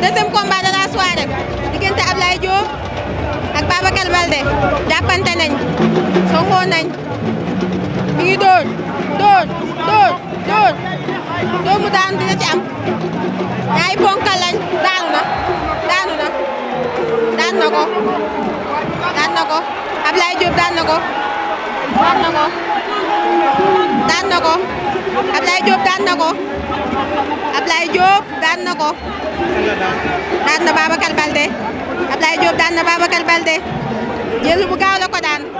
deuxième combat de la soirée diggante Ablaye Diop ak Babacar Baldé jàppante nañ songoo nañ mi ngi dóor dóor dóor dóor dóor mu daanu dina ci am ñaari ponkal lañ daanu na daanu na daan na ko daan na ko Ablaye Diop daan na ko daan na ko daan na ko Ablaye Diop daan na ko Ablaye Diop daan na ko daan na Babacar Balde Ablaye Diop daan na Babacar Balde jël bu gaaw la ko daan